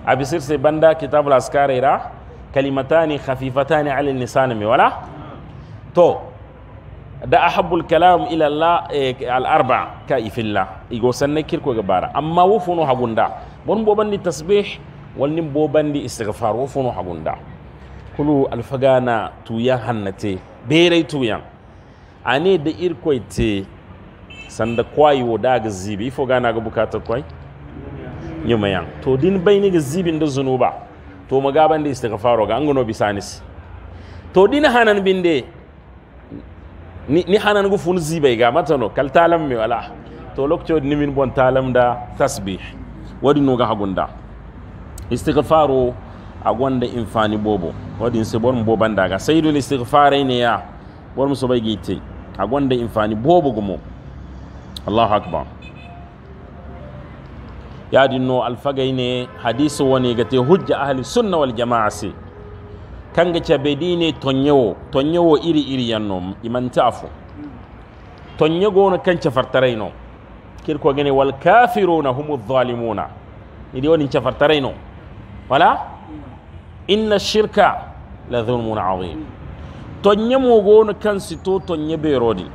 abisir sai banda kitabul askarira kalimatani khafifatani ala nisan mi wala to da ahabbul kalam ila allah eh, al arba ka ifilla igo sanne kirko gabara amma wufuno hagunda bon bobandi tasbih wanni bobandi istighfar wufuno hagunda kulu alfagana tuyan hannate berai tuyan ne da irkoi te sanda kwai wo da ga zibi ifo gana ga bukatar kwai nyuma yan to din bai ni ga zibin da zunuba to magaban da istighfaro ga angano bisanis to din hanan binde ni, ni hanan gufun fun zibai ga matano kal talam mi wala to lokacin ni min bon talam da tasbih wadi no ga hagunda istighfaro A agonda infani bobo wadin se bor mbo banda ga sayyidul istighfar ne ya bor muso bai gite A agonda infani bobo gumo Allahu akbar ya dinno alfagai ne hadisi wani ga te hujja ahli sunna wal jamaa se kanga cabedi ne tonyewo tonyewo iri iri yanno imanta afu tonye gona kan cafartarai no kirko gane wal kafiruna humu zalimuna idi wani cafartarai no wala inna shirka la zulmun azim tonye mogono kan sito tonye berodi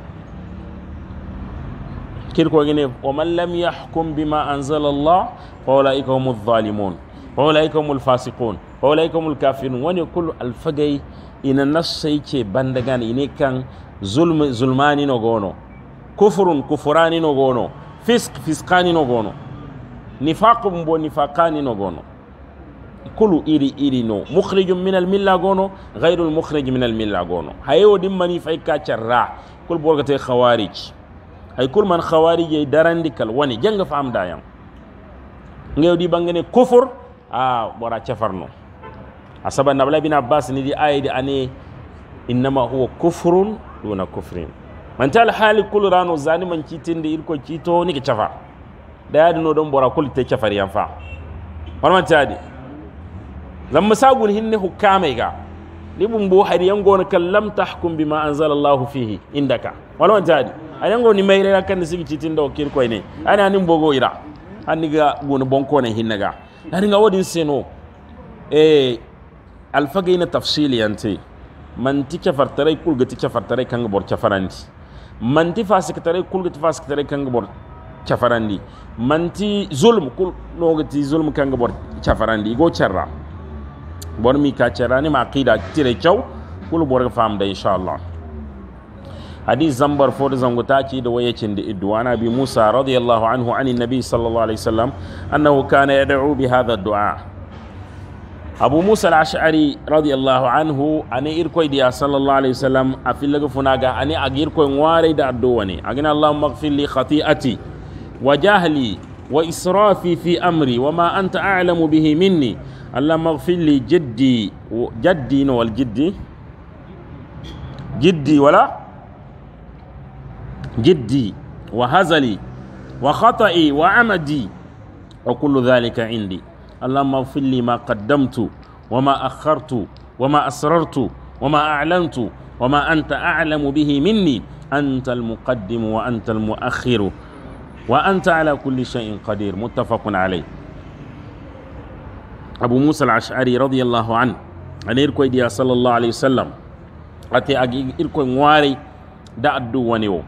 kirko gine wa man lam yahkum bima anzala Allah fa ulaika humuz dhalimun wa ulaika humul fasiqun wa ulaika humul kafirun wani kul alfagai ina nassa yake bandagan ine kan zulm zulmani no gono kufrun kufurani no gono fisq fisqani no gono nifaqun bo nifaqani no gono kulu iri iri no mukhrijum min al milla gono ghayrul mukhrij min al milla gono hayo dim mani fay ka charra kul borga te khawarij hay kul man khawarij ye darandi kal woni janga fam dayam ngew di bangene kufur a bora chafarno asaba nabla bin abbas ni di ayidi ane innama huwa kufrun duna kufrin man tal hali kul rano zani man kitinde irko kito ni ke chafa da yadi no don bora kul te chafar yan fa man man tadi lamma sagul hinne hukkame ga ni yan hari yango na kallam tahkum bima anzala Allah fihi indaka wala jadi ani yango ni mayre kan ni sigi citin do kir koy ne ani ani mbogo ira ani ga gona bonko ne hinne ga ani ga wodin seno eh alfaga ina tafsili yanti man ti kafartare kul ga ti kafartare kan bor kafaranti man ti fasikatare kul ga ti fasikatare kan bor kafarandi man ti zulm kul zulm kan bor kafarandi go charra bor mi ka ni ma aqida tire chaw kul bor fam da inshallah hadi zambar fo da zanguta ci da wayacin da idduwana bi Musa radiyallahu anhu anin nabi sallallahu alaihi wasallam annahu kana yad'u bi hadha ad-du'a abu musa al-ash'ari radiyallahu anhu ani irkoy diya sallallahu alaihi wasallam afillaga funaga ani agirkoy ngware da addo wani agina allahumma ighfir li khati'ati wa jahli wa israfi fi amri wa ma anta a'lamu bihi minni اللهم اغفر لي جدي جدي والجدي جدي ولا جدي وهزلي وخطئي وعمدي وكل ذلك عندي اللهم اغفر لي ما قدمت وما أخرت وما أسررت وما أعلنت وما أنت أعلم به مني أنت المقدم وأنت المؤخر وأنت على كل شيء قدير متفق عليه abu musa al radiyallahu an an irkoy diya sallallahu alaihi wasallam ate a irkoy ngware da addu wani wo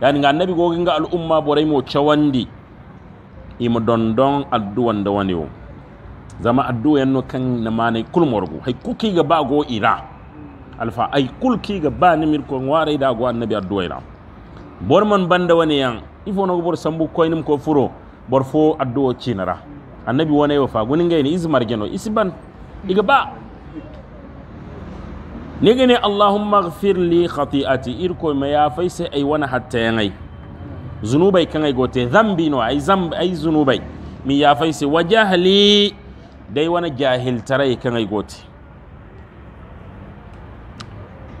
yani ga annabi gogin ga al'umma borai mo cawandi imo dondon addu wanda wani wo zama addu yanno kan na mane kulmorgo hay kuki ga ba go ira alfa ay kulki ga ba ni mirko ngware da go annabi addu ira bor man banda wani yan ifo no bor sambu koynum ko furo bor fo addu o cinara annabi wani yau fa gunin gayni isi margeno isi ban iga ba nigini allahumma ghfir li ti irko mai ya sai ai wani hatta yangai zunubai kan ai gote zambi no ai zamb zunubai mi ya sai wa hali dai wani jahil tarai kan ai gote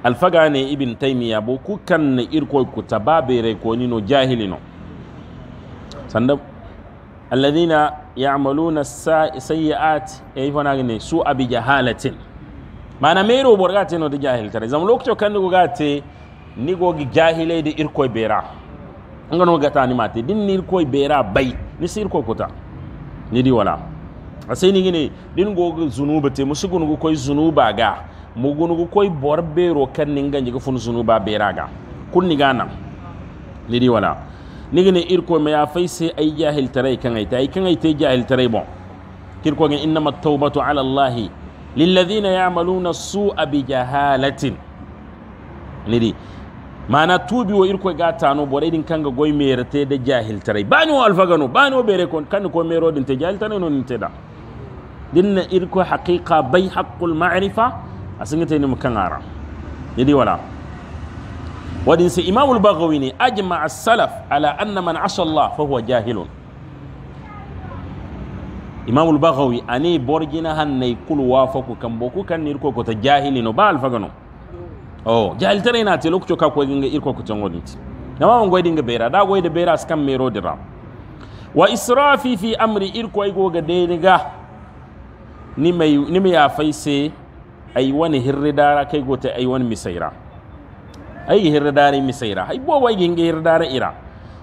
alfaga ne ibin taymiya bo ku na irko ku tababere ko ni no jahilino sanda ya na sayyat ya yi fana ne su abi jahalatin mana mero ga te no de jahil tare zam kan nigo ga ni go gi jahilai da irko bera an ngano gata ni mate din ni irkoi bera bai ni si irkoi kuta ni di wala sai ni gine din go zunuba te musu gun go koi zunuba ga mu gun go koi bor bero kan ni ga fun zunuba bera ga kun ni gana ni di wala nigine irko me ya sai ai jahil tarai kan ai tai kan ai tai jahil tarai bon kirko ga innama tawbatu ala allah lil ladina ya'maluna su'a bi jahalatin nidi mana tubi wo irko ga tano bore din ga goy merete da jahil tarai bani wo alfagano bani wo bere kon kan ko mero din te jahil tarai non te da dinna irko haqiqa bai haqqul ma'rifa asingate ni mukangara nidi wala wadin sai imamul bagawi ne ajma a salaf ala anna man asha Allah fa huwa jahilun imamul bagawi ani borgina hannai kul wafaku kan boku kan nirko ko ta no ba alfagano oh jahil tare na te lokco ka ko ginga irko ko tangodinti na ma ngoy dinga beira da goy de beira skam mero dira wa israfi fi amri irko ay goga de ni mai ni mai ya faise ay wani hirridara kai go ta ay wani misaira ay hirdare mi sayra hay bo way ginga hirdare ira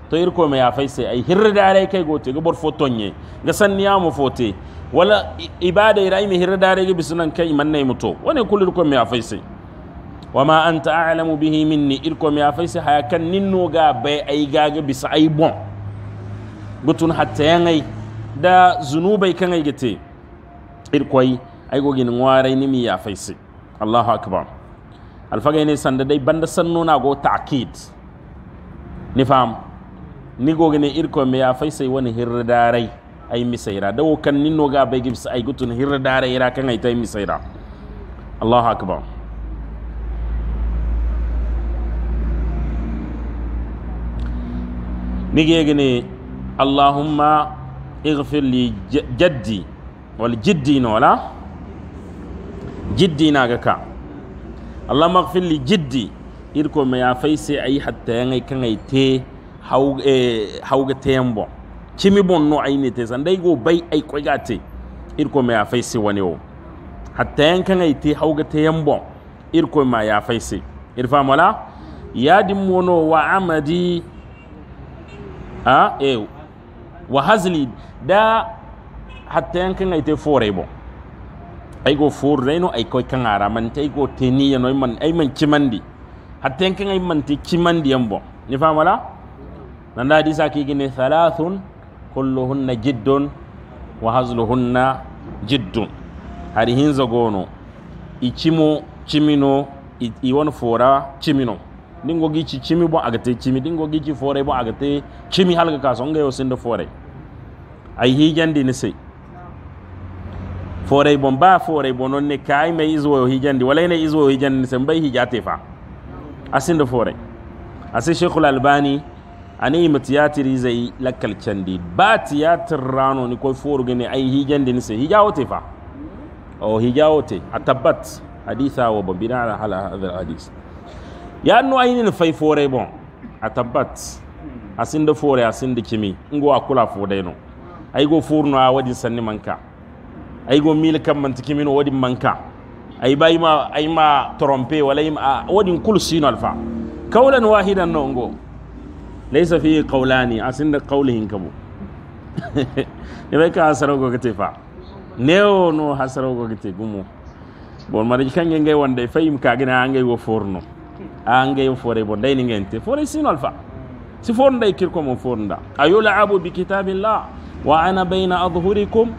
to irko me ya faise ay hirdare kai gote ga bor fotonye ga sanniya mu fote wala ibada ira mi hirdare ga bisunan kai manne muto wani kullu ko me ya faise wama anta a'lamu bihi minni irko me ya faise haya kan ninno ga bai ay ga bisa ay bon gutun hatta yangai da zunubai kan ay gite irkoi ay gogin warai ni mi ya sai allahu akbar alfaga ne sanda dai banda san nuna go ta'kid ni fam ni go gane irko me ya faisai wani hirdarai ai misaira da ni no ga bai gibsa ai gutun hirdarai ira kan ai tai misaira Allahu akbar ni ge gane Allahumma jiddi no la jiddi na ga ka. allah magfir li jiddi irko me ya faise ay hatta ka kangai te haw eh, te teyambo cimi bon no ne te sanday go bay ay koyga te irko me ya faise wani o hatta yankangai te te teyambo irko ma ya faise irfa mala dim wono wa amadi a ah, e eh, wa hazli da hatta yankangai te fore bon go fur reno ai ko kan ara man tai go teni ya noy man ai man chimandi hatten kan ai man ti cimandi yambo ni nan da di saki gine thalathun kulluhunna jiddun wa hazluhunna jiddun hari hinza gono chimino cimino won fora cimino dingo chi cimi bo agate cimi dingo chi fore bo agate cimi halga kaso ngayo sinda fore hi jandi ni sai foray bon ba foray bon non ne kay me izwo hijandi wala ne izwo hijandi sen bay hijate fa asindo foray asi sheikhul albani ani ima tiyatiri zai lakal candi ba tiyatir rano ni koy foru gene ay hijandi ni se hijawote fa o hijawote a tabbat hadisa wa bon bina ala hala hadha hadis ya no ni fay foray bon a tabbat asinda foray da kimi ngo akula no ay go furno a wadi sanni manka ay go mil kam man tiki min wodi manka ay bay ma ay ma trompe wala ma ah, wodi kul sino alfa qawlan wahidan no ngo laysa fi qawlani asinda qawlihin kabu (laughs) ne bay ka hasaro go gate fa neo no hasaro go gate gumo bon mari kan ngay wonde fayim ka gina ngay go forno angay fore bon day ni ngente fore sin alfa si fornda kirko mo fornda ayola abu bi kitabillah wa ana bayna adhhurikum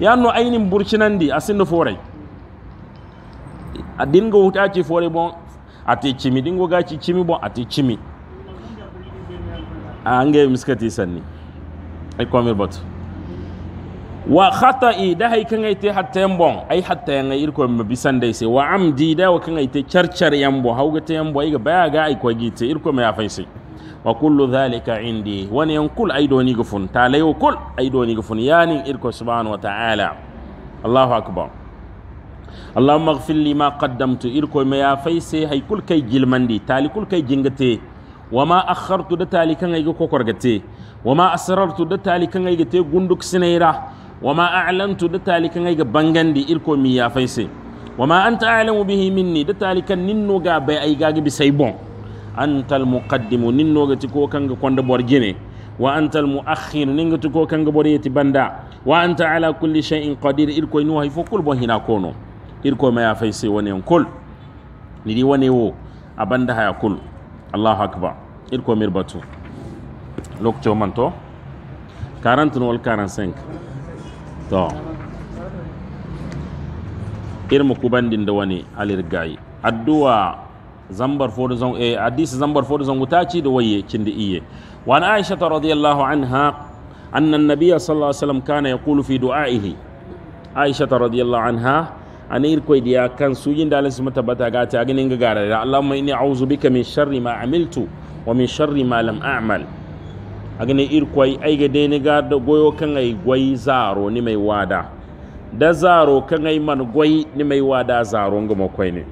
yanno aynin burcinandi a sinno forai a dinga wuta wutaci forai bon a ate cimi dingo gaci cimi bon a ate cimi ange miskati sanni ai kwamir bato wa i da hay kan ayte hatta yambon ay hatta ai irko ma bisande se wa amdi da wa kan ayte charchar yambo ta te bon ai ga baya ga ay ko gite irko ma ya faisi wa kullu dhalika indi wani yan kul ay ni gufun ta layo kul ay ni gufun yanin irko subhanahu wa ta'ala allahu akbar allahumma ighfir li ma qaddamtu irko ma ya faise hay kul kay jilmandi tali kul kay jingate wa ma akhartu da tali kan ay kokorgate wa ma asrartu da tali kan ay gate gunduk sinaira wa ma a'lantu da tali kan ay bangandi irko mi ya faise wa ma anta a'lamu bihi minni da tali kan ninno ga bai ay gagi bisai bon antal muqaddimu ninnoga ti ko kanga konda bor jine wa anta al muakhir ninga ti ko kanga bor yeti banda wa anta ala kulli shay'in qadir il koy no fo kul bon hina kono il koy maya fay se woni kul ni di woni wo abanda haya kul allah akbar il koy mir batu lok to manto 40 wal 45 to irmu kubandin da wani alirgayi addu'a zambar fodo zon e eh, hadis zambar fodo zon gutaci da waye kindi iye wa an aisha radiyallahu anha anna an-nabiy sallallahu alaihi wasallam kana yaqulu fi du'aihi aisha radiyallahu anha an irko diya kan sujin da alinsu mata bata ga ta ganin ga gara da Allahumma inni a'udhu bika min sharri ma amiltu wa min sharri ma lam a'mal agane irkwai ai ga dai ni ga da goyo kan ai gwai zaro ni mai wada da zaro kan ai man gwai ni mai wada zaro ga makwai ne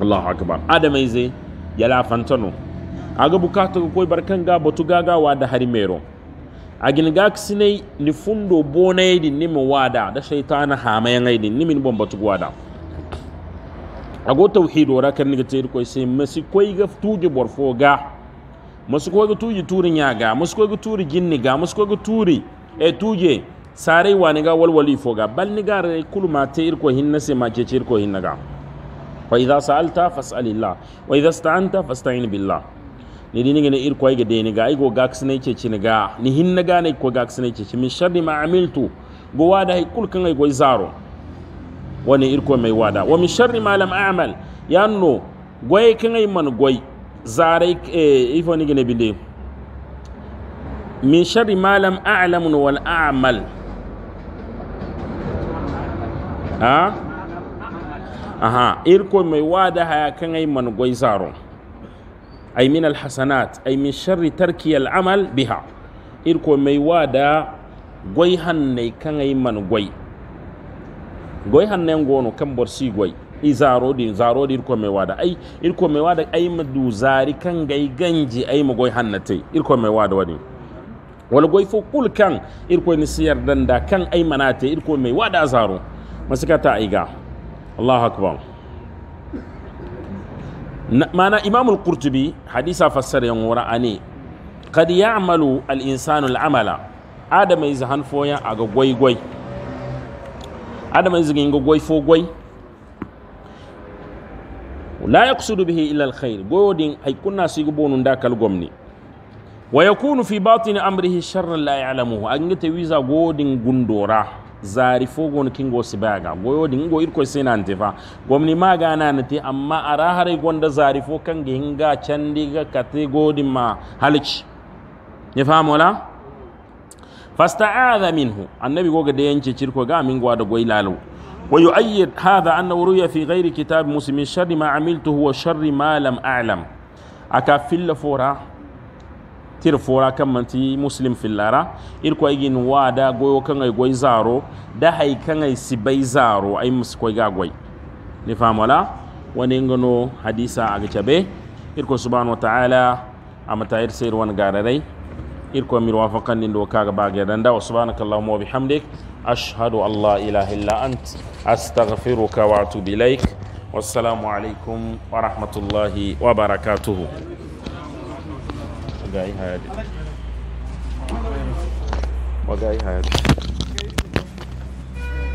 allahu akbar adamaize yala fantano aga bukata ko koy barkan ga botu gaga wada hari mero agin ga kisine ni fundo bonay din ni wada da shaytana hamay ngay din ni min bon wada ago tauhid wara kan ni gatir ko sai masi koy ga tuje bor fo ga masu ko ga tuje turi nya ga masu ko ga turi ginni ga masu ko ga turi e eh, tuje sare wani ga walwali fo ga bal ni ga kuluma te ko hinna se ma ce ko hinna ga fa idha sa'alta fas'alillah wa idha sta'anta fasta'in billah ni dini ngene ir koy ga ni ga igo gax ne ce ci ni ga ni hin na ga ne ko gax ne ce ci min sharri ma amiltu go wada hay kul kan go zaro wani ir ko mai wada wa min sharri ma lam a'mal yanno goy kan ay man goy zare e ifo ni gene binde min sharri ma lam a'lamu wal a'mal ha aha irko mai wada haya kan ai man zaro ai min al hasanat ai min sharri tarki al amal biha irko mai wada han hannai kan ai man goi goi hannan gono kan borsi goy i zaro din zaro din irko mai wada ai irko mai wada ai madu zari kan gai ganji ai mu na hannate irko mai wada wani wal goy fu kul kan irko ni siyar danda kan ai manate irko mai wada zaro masikata ta ga. Allahu akbar ma'ana imamul al-qurtubi hadisa fassara yan wura ane kad ya'malu al-insanu al-amala adama iz han foya aga goy goy adama iz ga goy fo goy la yaqsudu bihi illa al-khair godin ay kunna sigo bonu ndakal gomni wa yakunu fi batini amrihi sharran la ya'lamuhu an wiza godin gundora zari fogon kingo sibaga goyo dingo irko sinante fa gomni maga nti amma ara hare gonda zari fo kange hinga ga kate godi ma halici ne famo la fasta'adha minhu annabi goga da yanke cirko ga min da goyi lalo anna ruya fi ghairi kitab غير sharri ma amiltu huwa sharri ma lam a'lam aka أكافل fora tir fora kan manti muslim fillara irko igin wada goyo kan ay goy zaro da hay kan ai sibai zaro ay mus ko ga goy ni famala wani ngono hadisa aga chabe ko subhanahu wa ta'ala amatayir sir wan gararai irko mir wafaqan nin do kaga bage danda wa subhanakallahumma wa bihamdik ashhadu an la ilaha illa ant astaghfiruka wa atubu ilaik wassalamu alaikum wa rahmatullahi wa barakatuhu guy had My guy had